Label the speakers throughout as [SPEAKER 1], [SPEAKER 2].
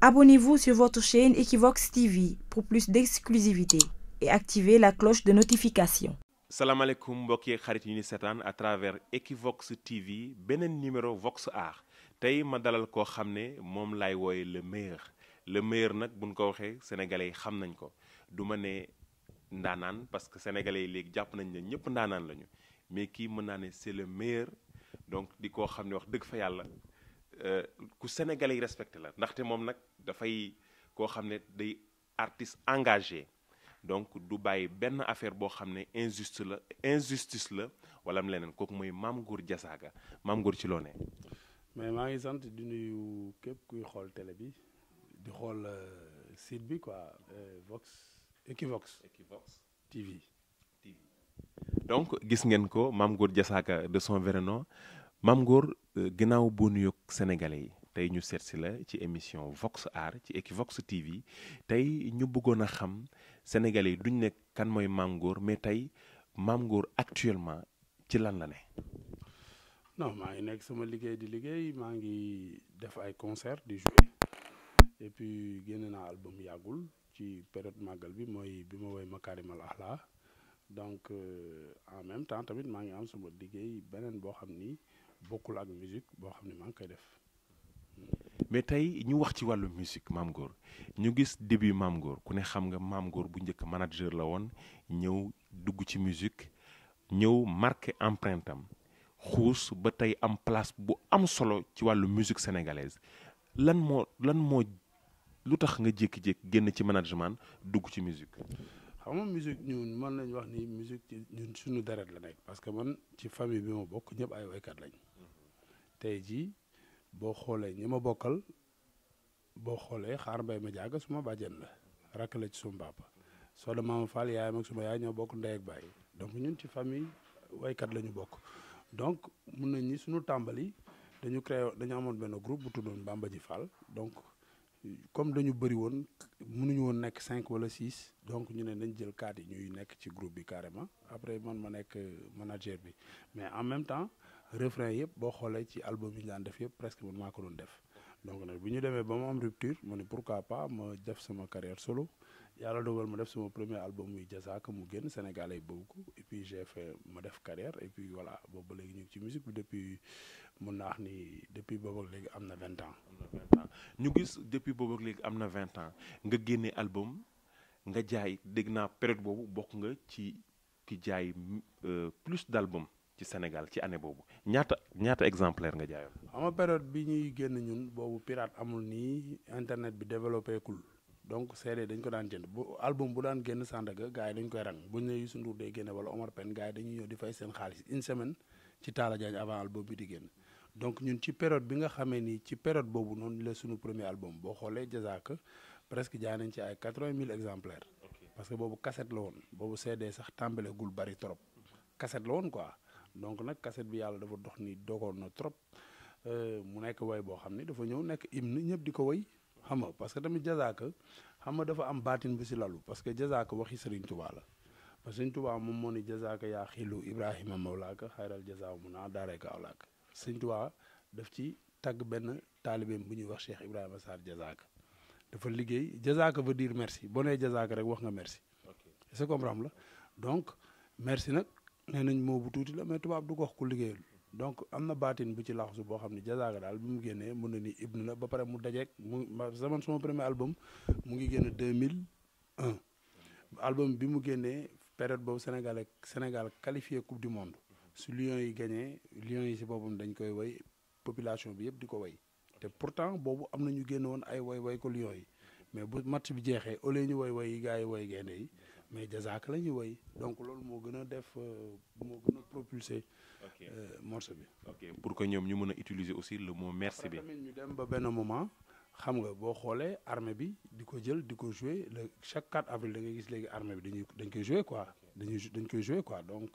[SPEAKER 1] Abonnez-vous sur votre chaîne Equivox TV pour plus d'exclusivité et activez la cloche de notification.
[SPEAKER 2] xarit yu ni seetaan à travers Equivox TV beneen numéro Vox Art tey ma dalal koo xam ne moom laay wooye le meilleur le meilleur nag buñ ko waxee sénégalais yi xam nañ ko du ma ne ndaanaan parce que sénégalais yi léegi jàpp nañ ne ñëpp ndaanaan lañu mais kii mën naa ne c'est le meilleur donc di koo xam ne wax dëgg fa yàlla Euh, ku Sénégalais yi respecté la ndaxte moom nag dafay koo xam ne day artiste engagé donc du bàyyi benn affaire boo xam ne injuste la injustice la wala mu leneen kooku mooy Mame Goor Diazaka Mame Goor ci loo
[SPEAKER 1] mais maa ngi sant di nuy képp kuy xool télé bi di xool euh, site bi quoi euh, Vox
[SPEAKER 2] donc gis ngeen ko Mame Goor Diazaka de son vrai nom Mame Euh, ginnaaw boo nuyoog sénégalais yi tey ñu seetsi la ci émission Vox Art ci Equivox TV tey ñu bëggoon a xam sénégalais yi duñ nekk kan mooy Mame Ngor mais tey Mame Ngor actuellement ci lan la ne.
[SPEAKER 1] non maa ngi nekk sama liggéey di liggéey maa ngi def ay concert di jouer et puis génne naa album yàggul ci période màggal bi mooy bi ma woy Makarimal la donc euh, en même temps tamit maa ngi am sama liggéey beneen boo xam ni. bokkul ak musique boo xam ne maa ngi koy def.
[SPEAKER 2] mais tey ñu wax ci wàllu musique Mame Goor ñu gis début Mame Goor ku ne xam nga Mame Goor bu njëkk manager la woon ñëw dugg ci musique ñëw marqué empreinte am xuus ba tey am place bu am solo ci wàllu musique sénégalaise lan moo lan moo lu tax nga jékki-jékki génn ci management dugg ci musique
[SPEAKER 1] xam nga ñu mën nañ wax ni musique ci suñu deret la nekk parce que man ci famille bi ma bokk ñëpp ay waykat lañ tey jii boo xoolee ñi ma bokkal boo xoolee xaar mbay ma jaaga suma bàjjen la rakk la ci suma papa soo da maama Fall yaayam ak suma yaay ñoo bokk ndey ak baay donc ñun ci famille waykat la ñu bokk donc mun nañ ni suñu tàmbali dañu créé dañu amoon benn groupe bu tuddoon Bamba ji Fall donc comme dañu bëri woon mënuñu woon nekk cinq wala six donc ñu ne nañ jël quatre yi ñuy nekk ci groupe bi carrément après man ma nekk manager bi mais en même temps refrain yëpp boo xoolee ci album yi ñu daan def yëpp presque man maa ko doon def donc nag bi ñu demee ba ma am rupture ma ne pourquoi pas ma def sama carrière solo yàlla dogal ma def sama premier album muy Jazaaka mu génn Sénégalais yi ko et ma def carrière et puis voilà boobu ba léegi ñu ci musique bi depuis mun naa wax ni depuis boobu léegi am na vingt ans. am na vingt ans
[SPEAKER 2] ñu gis depuis boobu léegi am na vingt ans nga génne album nga jaay dégg naa période boobu bokk nga ci ki jaay euh, plus d'album. ci Sénégal ci année boobu ñaata ñaata exemplaire nga jaayoon.
[SPEAKER 1] ama période bi ñuy génn ñun boobu pirate amul nii internet bi développé kul donc CD dañ ko daan jënd bu album bu daan génn Sandaga gars yi dañ koy rang buñ ne Youssou Ndour day génne wala Omar Pène gars dañu dañuy ñëw di fay seen xaalis une semaine ci Talla Diagne avant album bi di génn donc ñun ci période bi nga xamee ni ci période boobu noonu la suñu premier album boo xoolee Jazaaka presque jaay nañ ci ay quatre-vingt mille exemplaires parce que boobu cassette la woon boobu CD sax tàmbaleegul bari trop cassette la quoi. donc nag kaset bi yàlla dafa dox ni dogoon na trop euh, mu nekk waay boo xam ne dafa ñëw nekk hymne ñëpp di ko way xam nga parce que tamit Diazaka xama nga dafa am baatin bu si lalu parce que Diazaka waxi Serigne Touba la parce que Serigne Touba moom moo ni Diazaka yaa xilu Ibrahima mawlaaka xayral jazaa mu naa daareeka awlaaka Serigne Touba def ci tagg benn taalibeem bu ñuy wax Cheikh Ibrahima Sarr Diazaka dafa liggéey Diazaka veut dire merci boo nee rek wax nga merci la nee nañ moo bu tuuti la mais tubaab du ko wax ku liggéeyul donc am na baatin bu ci laxasu boo xam ne Jazaka daal bi mu génnee mën na ni ibn la ba pare mu dajeeg mu sama sama premier album mu ngi génn 2001 album bi mu génnee période boobu Sénégal ak Sénégal qualifié coupe du monde su Lions yi gagné Lions yi si boppam dañ koy woy population bi yëpp di ko way te pourtant boobu am na ñu génn woon ay woy way ko Lions yi mais bu match bi jeexee au lieu ñu woy woy yi gars yi woy gaynde yi mais Jazaaka la ñuy woy donc loolu moo gën a def euh, moo gën a propulser euh, morceau bi. ok pour
[SPEAKER 2] que ñoom ñu mën a utiliser aussi le mot merci bi.
[SPEAKER 1] ñu dem ba benn moment xam nga boo xoolee armée bi di ko jël di ko jouer le chaque 4 avril da ngay gis léegi armée bi dañuy dañ koy jouer quoi dañuy dañ koy jouer quoi donc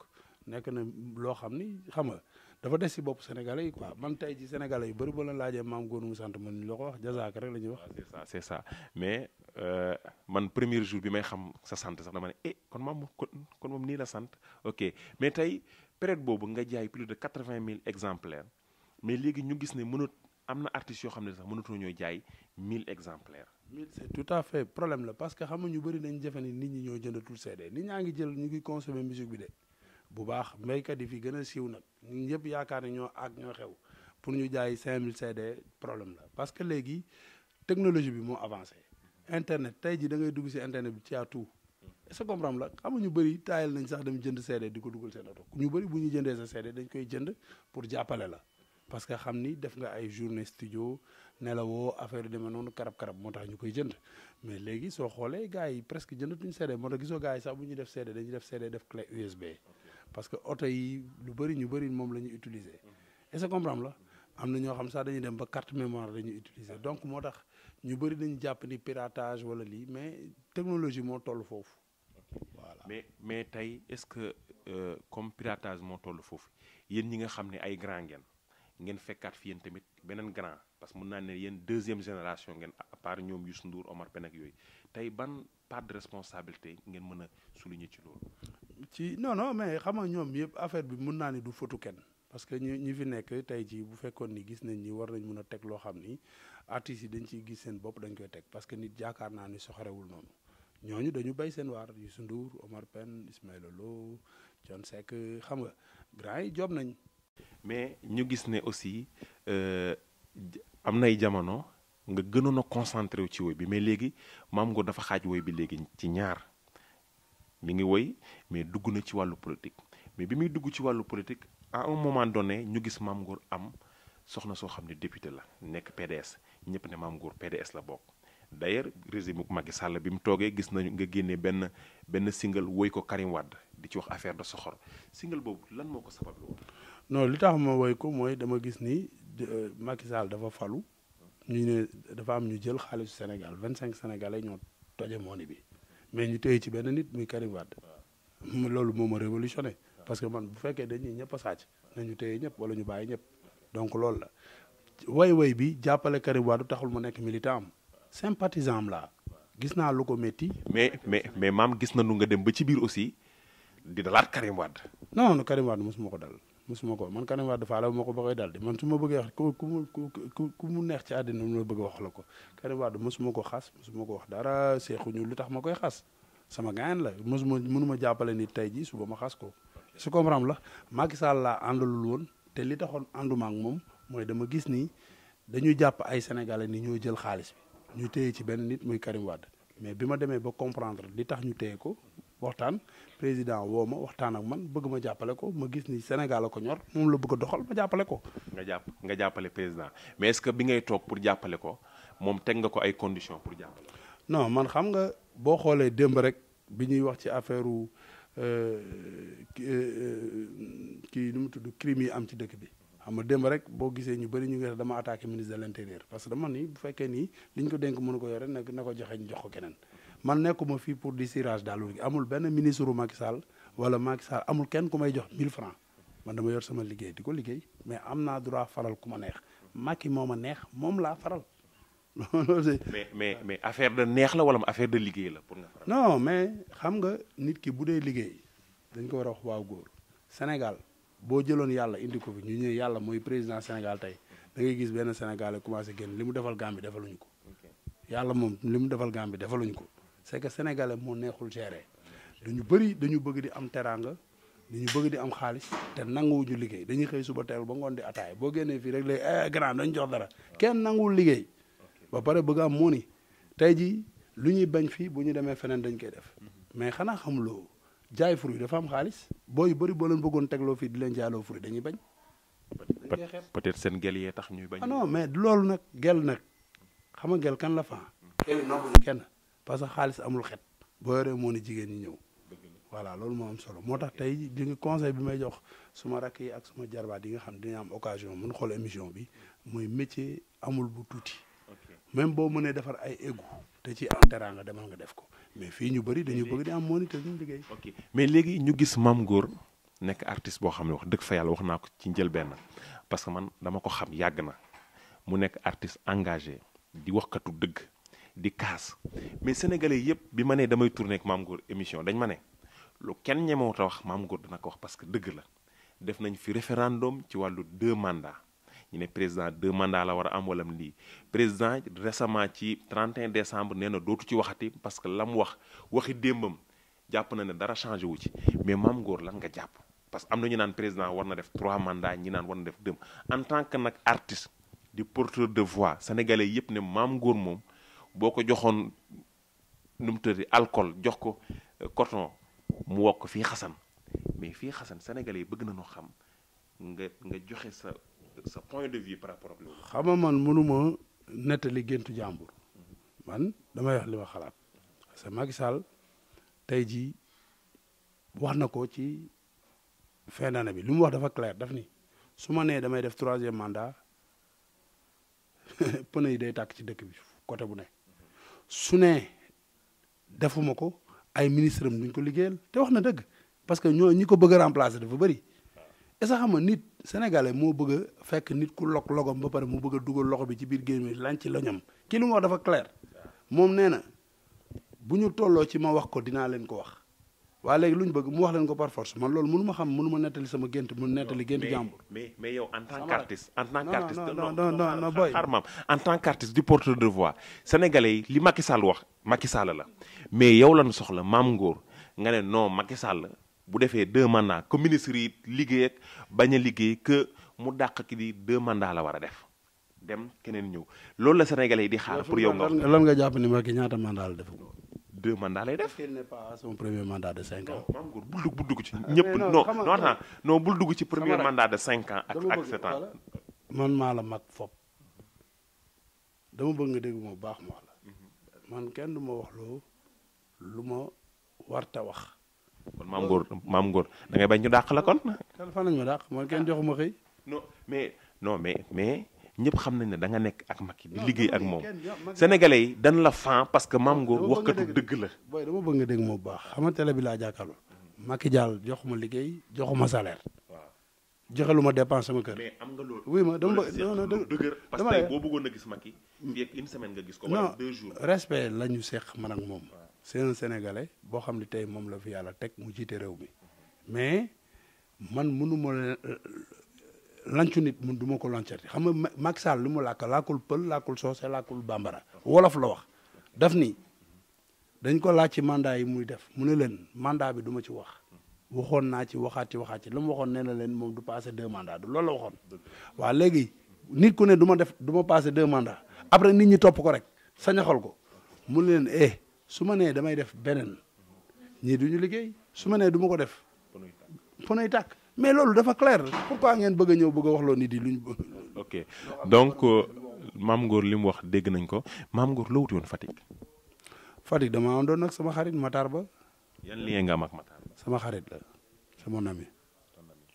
[SPEAKER 1] nekk na loo xam ni xam nga. dafa des si bopp sénégalais yi quoi man tey ji sénégalais yu bëri ba la laajee maam góor sant man ñu la ko wax jazaak rek la ñuy wax. Ah,
[SPEAKER 2] c'est ça c'est ça mais euh, man premier jour bi may xam sa sant sax dama ne eh kon maam kon kon moom nii la sant ok mais tey période boobu nga jaay plus de quatre-vingt mille exemplaires mais léegi ñu gis ne mënut am na artistes yoo xam ne sax mënatoo ñoo jaay mille exemplaires.
[SPEAKER 1] mille c'est tout à fait problème la parce que xam nga ñu bëri nañ jafe nit ñi ñoo jëndatul CD nit ñaa ngi jël ñu ngi consommer musique bi de. bu baax mbéykat yi fi gën a siiw nag ñun ñëpp yaakaar ne ñoo ak ñoo xew pour ñu jaay mille CD problème la parce que léegi technologie bi moo avancé internet tey ji da ngay dugg si internet bi ci à tout est ce que comprendre la xam nañ sax dem jënd CD di ko dugal seen oto ñu bëri bu ñu sa CD dañ koy jënd pour jàppale la parce que xam ni def nga ay journée studio nelawoo affaire yu demee noonu karab-karab moo tax ñu koy jënd mais léegi soo xoolee gars yi presque jëndatuñu CD moo tax gisoo gars yi sax bu ñu def CD dañuy def CD def clé USB parce que oto yi lu bëri ñu bëri moom la ñu utiliser est-ce que comprendre la am na ñoo xam sax dañuy dem ba carte mémoire la ñuy utiliser donc moo tax ñu bëri dañu jàpp ni piratage wala lii mais technologie moo toll foofu voilà mais
[SPEAKER 2] mais tey est-ce que euh, comme piratage moo toll foofu yéen ñi nga xam ne ay grand ngeen ngeen fekkaat fi yéen tamit beneen grand parce que mën naa ne yéen deuxième génération ngeen à part ñoom Youssou Ndour Omar Pène ak yooyu tey ban part responsabilité ngeen mën a souligner ci loolu.
[SPEAKER 1] ci non non mais xam nga ñoom yëpp affaire bi mën naa ne du fotu kenn parce que ñi ñi fi nekk tey jii ni gis nañ ni war nañ mën a teg loo xam ni artistes dañ ciy gis seen bopp dañ koy teg parce que nit jaakaar noonu. ñooñu dañu béy seen waar Youssou Ndour Omar Pène Ismaïla Lo xam nga grand yi job nañ. mais
[SPEAKER 2] ñu gis ne aussi. Euh, am nay jamono nga gënoon a concentré wu ci woy bi mais léegi maam Ngor dafa xaaj woy bi léegi ci ñaar mi ngi woy mais dugg na ci wàllu politique mais bi muy dugg ci wàllu politique à un moment ñu gis maam Ngor am soxna soo xam ne député la nekk PDS ñëpp ne maam Ngor PDS la bokk d'ailleurs régime Macky Sall bi mu toogee gis nañu nga génnee benn benn single woy ko Karim wàdd di ci wax affaire de soxor single boobu lan moo ko sabab woon.
[SPEAKER 1] non li tax ma woy ko Euh, Macky Sall dafa falu ñu ne dafa am ñu jël xaalisu senegal vingt cinq sénégalais ñoo toje mooni bi mais ñu téye ci benn nit muy Karim Wade loolu moom a révolutionné parce que man bu fekkee dañuy ñëpp a sàcc nañu téye ñëpp wala ñu bàyyi ñëpp donc loolu la way-way bi jàppale Karim Wade taxul mu nekk militant am sympathisant am laa gis naa lu ko métti.
[SPEAKER 2] mais mais mais maam gis na nu nga dem ba ci biir aussi
[SPEAKER 1] di dalaat Karim Wade. non non Karim Wade mosuma ko dal. musuma ko man Karim Wade faale ma ko ba koy dal di man su ma bëggee wax ku mu ku mu neex ci àddina mu la bëgg wax la ko Karim Wade musuma ko xas musuma ko wax dara ñu lu tax ma koy xas sama gaañ la musuma mënuma jàppale ni tey jii suba ma xas ko su comprendre la Macky Sall laa àndalul woon te li taxoon ànduma moom mooy dama gis nii dañuy jàpp ay sénégalais ni ñoo jël xaalis bi ñu téye ci benn nit muy Karim mais bi ma demee ba comprendre li tax ñu téye ko waxtaan président woo ma waxtaan ak man bëgg ma jàppale ko ma gis ni Sénégal a ko ñor moom la bëgg doxal ma jàppale ko.
[SPEAKER 2] nga jàpp nga jàppale président mais est-ce que bi ngay toog pour jàppale ko moom teg nga ko ay condition
[SPEAKER 1] pour jàppale ko. non man xam nga boo xoolee démb rek bi ñuy wax ci affaire u euh, euh, euh, kii nu mu tudd crime yi am ci dëkk bi. xam nga démb rek boo gisee ñu bëri ñu ngi dama attaqué ministre de l'intérieur parce que dama ni bu fekkee nii liñ ko dénk mënu ko yore nag na ko joxe ñu jox ko keneen. man nekkuma fii pour di cirage daal amul benn ministre u saal Sall wala Macky amul kenn ku may jox 1000 francs man dama yor sama liggéey di ko liggéey mais am naa droit faral ku ma neex Macky moom ma neex moom laa faral. mais
[SPEAKER 2] mais mais affaire de neex la wala affaire de liggéey la pour nga
[SPEAKER 1] faral. non mais xam nga nit ki bu dee liggéey dañ ko war a wax waaw góor Sénégal boo jëloon yàlla indi ko fi ñu ñëw yàlla mooy président Sénégal tey da ngay gis benn Sénégalais commencé génn li mu defal Gambie defaluñu ko. yàlla moom li mu defal Gambie defaluñu ko. c'est que sénégalais moo neexul gérer dañu bëri dañu bëgg di am teraanga dañu bëgg di am xaalis te nanguwuñu liggéey dañuy xëy suba teel ba ngoon di ataay boo génnee fii rek léegi eh, grand dañ jox dara kenn nanguwul liggéey ba pare bëgg am moo ni tey jii lu ñuy bañ fii bu ñu demee feneen dañ koy def mais xanaa xamuloo jaay fruit dafa am xaalis booy yu bëri boo leen bëggoon tegloo fii di leen jaayloo fruit dañuy bañ.
[SPEAKER 2] peut-être seen gel yee tax ñuy bañ. Ah non
[SPEAKER 1] mais loolu nag gel nag xam gel kan la faa. Hmm. parce que xaalis amul xet boo yoree moo ni jigéen ñi ñëw voilà loolu moo am solo moo tax tey di nga conseil bi may jox suma rakk yi ak suma jarbaat di nga xam dina am occasion mun xool émission bi mooy métier amul bu tuuti même boo mënee defar ay égout te ci am teraanga demal nga def ko mais fii ñu bëri dañu di am moniteur ñu liggéey ok mais
[SPEAKER 2] léegi ñu gis Mame Goor nekk artiste boo xam ne wax dëgg fa yàlla wax naa ko ci njëlbeen parce que man dama ko xam yàgg na mu nekk artiste engagé di waxkatu dëgg di kaas mais sénégale yëpp bi ma ne damay tourné ak Mame Goor émission dañ ma ne lu kenn ñemewut a wax maam Goor dina ko wax parce que dëgg la def nañu fi référendum ci wàllu deux mandats ñu ne président deux mandats la war a am walam lii président resement ci 31 décembre nee na dootu ci waxati parce que la mu wax waxi démbam jàpp na ne dara changé wu ci mais Mame Goor lan nga jàpp parce que am na ñu naan président war na def trois mandats ñi naan war na def deux en tant que nag artiste di porteur de voix sénégalais yëpp ne Mame Goor moom boo ko joxoon nu mu tëddee alcool jox ko euh, coton mu ko fii xasan mais fii xasan sénégalais yi bëgg nañu xam nga nga joxe sa sa point de vue par rapport ak loolu.
[SPEAKER 1] xam nga man mënuma nettali géntu jàmbur man damay wax li ma xalaat parce que Macky Sall tey jii wax na ko ci fin d'année bi li mu wax dafa clair daf ni su ma nee damay def troisième mandat pneu yi day tàkk ci dëkk bi côté bu ne. su ne defuma ko ay ministre am duñ ko liggéeyal te wax na dëgg parce que ñoo ñi ko bëgg a remplacer dafa bëri est-ce nit sénégalais moo bëgg fekk nit ku lok logam ba pare mu bëgg a dugal loxo bi ci biir géej mi lan ci la ñam kii li mu wax dafa clair moom nee na bu ñu tolloo ci ma wax ko dinaa leen ko wax waa léegi lu ñu bëgg mu wax leen ko par force man loolu mënu ma xam mënu ma nettali sama gént mu nettali gént jàmbur.
[SPEAKER 2] mais mais yow en tant qu'artiste en tant qu'artiste non non non non boy en tant qu'artiste du porteur de voix sénégalais yi li Macky Sall wax Macky Sall la mais yow lañu soxla maam Ngor nga ne non Macky Sall bu defee deux mandats que ministre yi liggéey ak bañ a liggéey que mu dàq ki di deux mandats la war a def dem keneen ñëw loolu la sénégalais yi di xaar pour yow nga lan
[SPEAKER 1] nga jàpp ni Macky ñaata deux mandats lay def. il n'est pas à son premier mandat de cinq ans. dugg bul dugg ci ah, ñëpp. non non non non man maa la mag fop dama bëgg nga dégg ma baax ma la mhm. kenn du ma wax loo lu ma warta wax. kon maam Ngor
[SPEAKER 2] maam Ngor da ngay bañ ñu dàq la kon.
[SPEAKER 1] fan lañ ma dàq man kenn joxuma xëy.
[SPEAKER 2] ñëpp xam nañ ne da nga nekk ak Macky di liggéey ak moom sénégalais yi dañ la fan parce que maam Ngor waxkatu dëgg la.
[SPEAKER 1] booy dama bëgg nga dégg moo baax xam nga télé bi laa jàkkaarloo. Macky Diall jox ma liggéey joxu ma salaire. waaw joxe lu ma dépense sama kër. mais
[SPEAKER 2] am nga loolu. oui ma dama bëgg non non dëgër parce que tey boo bëggoon a gis Macky. fii ak ko. wala deux jours non respect
[SPEAKER 1] la ñu seq man ak moom. c'est un sénégalais boo xam ne tey moom la fi yàlla teg mu jiite réew mi mais man mënuma lancu nit mun du ma ko lancati xam nga Macky Sall lu mu làkk làkkul pël làkkul soose làkkul bambara wolof la wax daf ni dañ ko laaj ci mandat yi muy def mu ne leen mandat bi duma ci wax waxoon naa ci waxaati ci la mu waxoon nee na leen moom du passé deux mandats du loolu la waxoon waaw léegi nit ku ne du ma def du ma passé deux mandats après nit ñi topp ko rek sañaxal ko mu ne leen eh su ma nee damay def beneen ñii du ñu liggéey su ma nee du ko def ponoy tàkk mais loolu dafa clair pourquoi ngeen bëgg a ñëw bëgg a wax loo nit yi luñ. ok
[SPEAKER 2] donc euh, maam Ngor li mu wax dégg nañ ko maam Ngor la wuti woon Fatick.
[SPEAKER 1] Fatick dama am doon nag sama xarit Matar Ba. yan lien nga am sama xarit la c'est mon ami.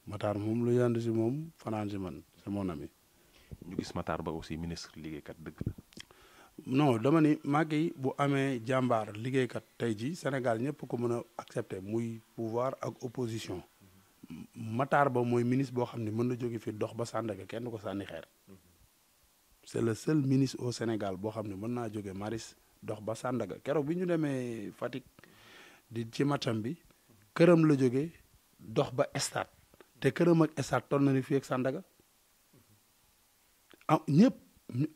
[SPEAKER 1] Matar moom lu yand si moom fanaan si man c'est mon ami.
[SPEAKER 2] ñu gis Matar Ba aussi ministre liggéeykat dëgg la.
[SPEAKER 1] non dama ni Macky bu amee jàmbaar liggéeykat tey jii Sénégal ñëpp ko mën a accepter muy pouvoir ak opposition. Matar Ba mooy ministre boo xam ne mën na jóge fi dox ba Sandaga kenn ko sànni xeer c'est le seul ministre au Sénégal boo xam ne mën naa jóge Maris dox ba sàndaga keroog bi ñu demee Fatick di ci matam bi këram la jóge dox ba stade te këram ak stade toll na ni fii ak Sandaga ah ñëpp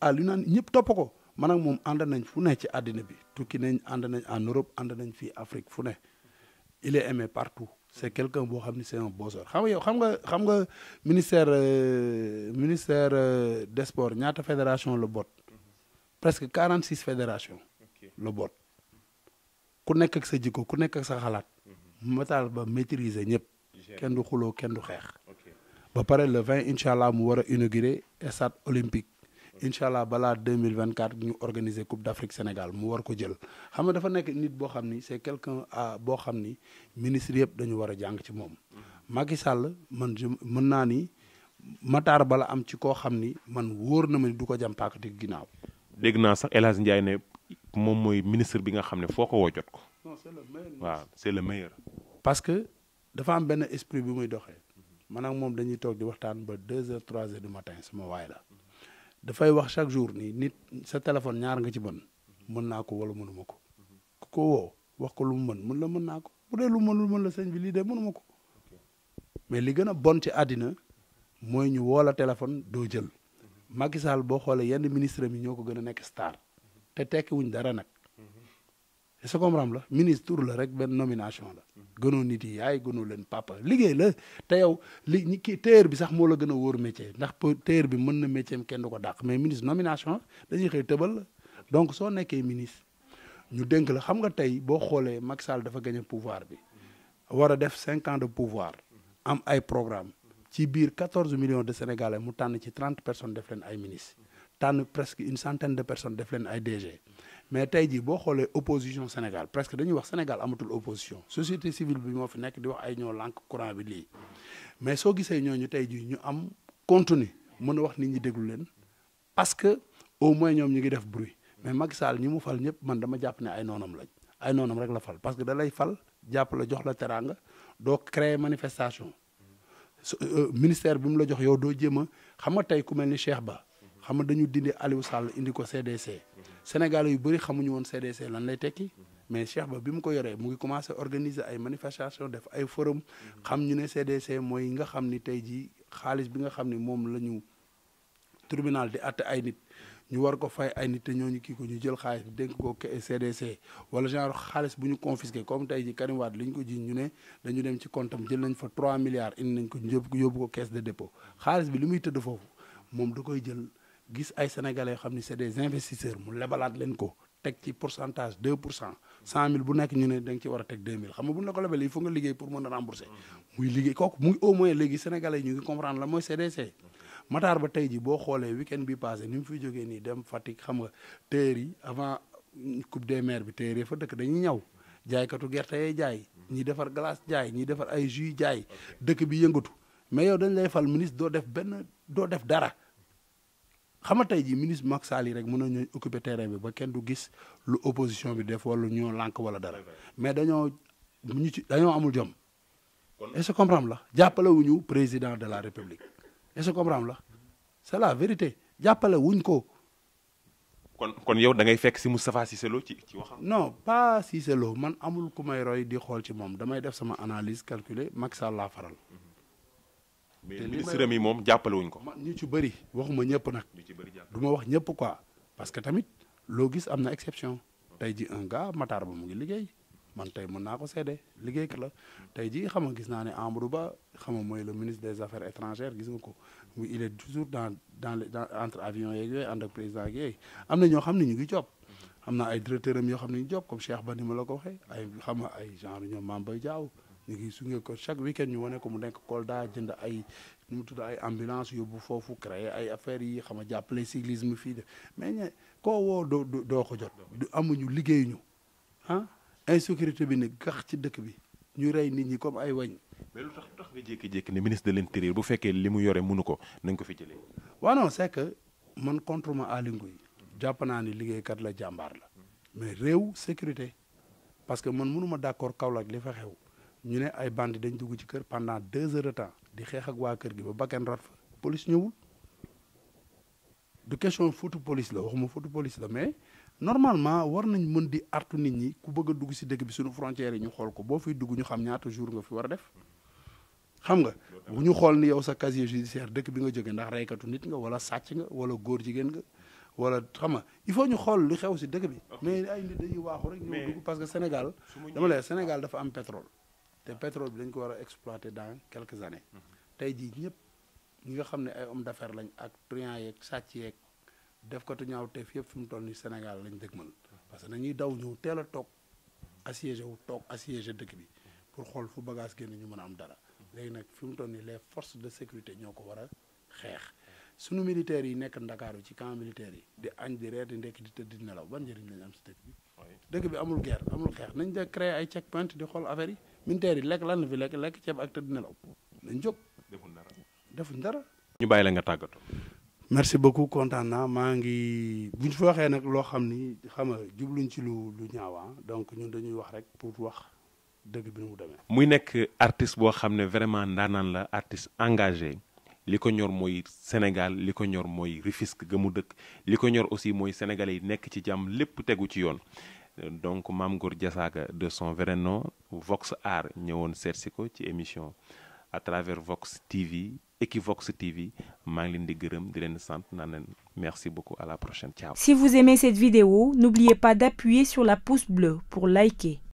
[SPEAKER 1] à l'unanimité ñëpp topp ko man moom ànd nañ fu ne ci àddina bi tukki nañ ànd nañ en Europe ànd nañ fii Afrique fu ne il est partout c' est quelqu'un boo xam ni c' est un xam nga xam nga xam nga ministère euh, ministère euh, des sports ñaata fédération la boot presque quarante six fédération la boot ku nekk ak sa jikko ku nekk sa xalaat mhm. mataal ba maitriser ñëpp kenn du xuloo kenn du xeex ba pare le 20 incha allah mu wara a inaugurer stade olympique incha allah balaa deux mille vingt quatre ñu organiser coupe d' Afrique Sénégal mu war ko jël xam nga dafa nekk nit boo xam ni c' est quelqu' ah, boo xam ni ministre yëpp dañu war a jàng ci moom. Macky Sall man je mën naa ni Matar bala am ci koo xam ni man wóor na ma ni du ko jam paakati ginnaaw.
[SPEAKER 2] dégg naa sax El Hadj ne moom mooy ministre bi nga xam ne foo ko woo ko. non waaw c' le meilleur.
[SPEAKER 1] parce que dafa am benn esprit bi muy doxee. man ak moom dañuy toog di waxtaan ba deux heures trois heures du matin sama la. dafay wax chaque jour nii nit sa téléphone ñaar nga ci mën mën naa ko wala mënuma ko ku ko woo wax ko lu mu mën mën la mën naa ko bu dee lu mën lu mën la sëñ bi lii de mënuma ko mais li gën a bon ci àddina mooy ñu woola la téléphone doo jël Macky Sall boo xoolee yenn ministre mi ñoo ko gën a nekk star te tekkiwuñ dara nag sa comprendre la ministre la rek benn nomination la gënoo nit yi ay gënoo leen papa liggéey la te yow li ñi kii téer bi sax moo la gën a wóor métier ndax téer bi mën na métier am kenn du ko dàq mais ministre nomination dañuy xëy tëbal la donc soo nekkee ministre ñu dénk la xam nga tey boo xoolee Macky Sall dafa gagné pouvoir bi war a def cinq ans de pouvoir am ay programme ci biir quatorze millions de sénégalais mu tànn ci trente personnes def leen ay ministres tànn presque une centaine de personnes def leen ay DG mais tey jii boo xoolee opposition Sénégal presque dañuy wax Sénégal amatul opposition société civile bi moo fi nekk di wax ay ñoo lànk courant bi lii mais soo gisee ñooñu tey jii ñu am contenu mën a wax nit ñi déglu leen parce que au moins ñoom ñu ngi def bruit mais mag Sall ñi mu fal ñëpp man dama jàpp ne ay noonam lañ ay noonam rek la fal parce que dalay fal jàpp la jox la teraanga doo créer manifestation euh, euh, ministère bi mu la jox yow doo jéem a xam nga tey ku mel ni Cheikh Ba xam nga dañu dindi Aliou indi ko CDC Sénégal yu bëri xamuñu woon CDC lan lay tekki mais Cheikh Ba bi mu ko yoree mu ngi commencé organiser ay manifestation def ay forum xam ñu ne CDC mooy nga xam ni tey jii xaalis bi nga xam ni moom la ñu tribunal di àtte ay nit ñu war ko fay ay nit te ñu kii ko ñu jël xaalis bi dénk ko CDC wala genre xaalis bu ñu confisqué comme tey ji Karim Wade li ñu ko ji ñu ne dañu dem ci compte am jël nañ fa 3 milliards indi nañ ko yóbbu ko caisse de dépôt xaalis bi li muy tëdd foofu gis ay sénégalais xam ni c'est des investisseurs mu lebalaat leen ko teg ci pourcentage 2 pour cent 100000 bu nekk ñu ne da nga ci war a teg mil xam nga bu ñu la ko lebalee il faut nga liggéey pour mën a rembourser. muy liggéey kooku muy au moins léegi sénégalais ñu ngi comprendre la mooy CDC. Matar ba tey ji boo xoolee week-end bi passé ni mu fiy jógee nii dem Fatick xam yi avant coupe de maires bi téer yi fa dëkk dañu ñaw jaaykatu gerte jaay ñi defar glace jaay ñi defar ay jus jaay dëkk bi yëngatu mais yow dañ lay fal ministre doo def benn doo def dara xam nga tey jii ministre Macky Sall rek mën nañu occuper terrain bi ba kenn du gis lu opposition bi def wala ñoo lànk wala dara mais dañoo ñu ci dañoo amul jom. est-ce que la jàppale wu ñu président de la république est-ce que la c'est la vérité jàppale wuñ ko.
[SPEAKER 2] kon kon yow da ngay fekk si Moustapha Cissé Lo ci ci waxam.
[SPEAKER 1] non pas Cissé man amul ku may roy di xool ci moom damay def sama analyse calculer Macky Sall laa faral. Mhm.
[SPEAKER 2] mais ministre mi moom jàppale wuñ ko.
[SPEAKER 1] ñu ci bëri waxuma ñëpp nag. ñu ci bëri du ma wax ñëpp quoi parce que tamit loo gis am na exception. tey ji un gars Matar ba mu ngi liggéey man tey mën naa ko sede liggéey ka la tey ji xam nga gis naa ne Amadou Ba xam nga mooy le ministre des affaires étrangères gis nga ko mu il est toujours dans dans entre avions yeeg yooyu ànd président ak am na ñoo xam ne ñu ngi job am na ay directeur am yoo xam ne ñu job comme Cheikh Ba ni ma la ko waxee ay xam nga ay genre ñoom Mame Boye Diao ñu ngi su ko chaque weekend ñu wane ko mu denk nekk daa jënd ay nu mu tudd ay ambulance yóbbu foofu créer ay affaires yi xam nga jàppale cyclisme fii de mais ñe koo woo doo doo ko jot du amuñu liggéeyuñu ah insécurité bi ne gax ci dëkk bi ñu rey nit ñi comme ay wañ mais lu tax tax nga
[SPEAKER 2] jékki-jékki ne ministre de l'intérieur bu fekkee li mu yore mënu ko nañ ko fi jëlee.
[SPEAKER 1] waa non c'est man contre ma Aly Ngouille jàpp naa ni liggéeykat la jàmbaar la mais réew sécurité parce que man mënuma d'accord Kaolack li fa ñu ne ay bandi dañ dugg ci kër pendant deux heures de temps di xeex ak waa kër gi ba bakken rot fa police ñëwul du question photo police la waxuma photo police la mais normalement war nañ mën di artu nit ñi ku bëgg dugg si dëkk bi suñu frontières yi ñu xool ko boo fiy dugg ñu xam ñaata jour nga fi war a def xam nga bu ñu xool ni yow sa casier judiciaire dëkk bi nga jóge ndax reykatu nit nga wala sàcc nga wala góor jigéen nga wala xam nga il faut ñu xool lu xew si dëkk bi mais waaxu rek ñoo parce que Sénégal dama lay Sénégal dafa am pétrole te pétrole bi dañ ko war a exploiter dans quelques années. Mhm. tey jii ñëpp ñi nga xam ne ay hommes d'affaires lañ ak truand yeeg sàcc yeeg def ko tu ñaaw teef yëpp fi mu toll nii Sénégal lañ dëgmal parce que nañuy daw ñëw teel a toog assiégé wu toog assiégé dëkk bi pour xool fu bagage génn ñu mën a am dara léegi nag fi mu toll nii les force de sécurité ñoo ko war a xeex suñu militaires yi nekk Ndakaaru ci camp militaire yi di añ di reer di ndekk di tëdd di nelaw ban njëriñ lañ am si dëkk bi dëkk bi amul guerre amul xeex nañ de créer ay checkpoint di xool affaire militaire yi lekk lan la fi lekk ceeb ak tëdd nelaw nañ jóg. defuñ dara defuñ dara.
[SPEAKER 2] ñu bàyyi la nga tàggatoo.
[SPEAKER 1] merci beaucoup kontaan maa ngi bu ñu fa waxee nag loo xam ni xam nga jubluñ ci lu lu ñaawa ah. donc ñun dañuy wax rek pour wax dëgg bi nu mu demee.
[SPEAKER 2] muy nekk artiste boo xam ne vraiment ndaanaan la artiste engagé li ko ñor mooy Sénégal li ko ñor mooy Rufisque ga mu dëkk li ko ñor aussi mooy sénégalais yi nekk ci jàmm lépp tegu ci yoon. donc Mame Goor Diazaka de son vrai nom Vox Art ñëwoon seet si ko ci émission à travers Vox TV Equivox TV maa ngi leen di gërëm di leen sant naan leen merci beaucoup à la prochaine ciao. Si vous
[SPEAKER 1] aimez cette vidéo n'oubliez pas d'appuyer sur la pouce bleue pour liker.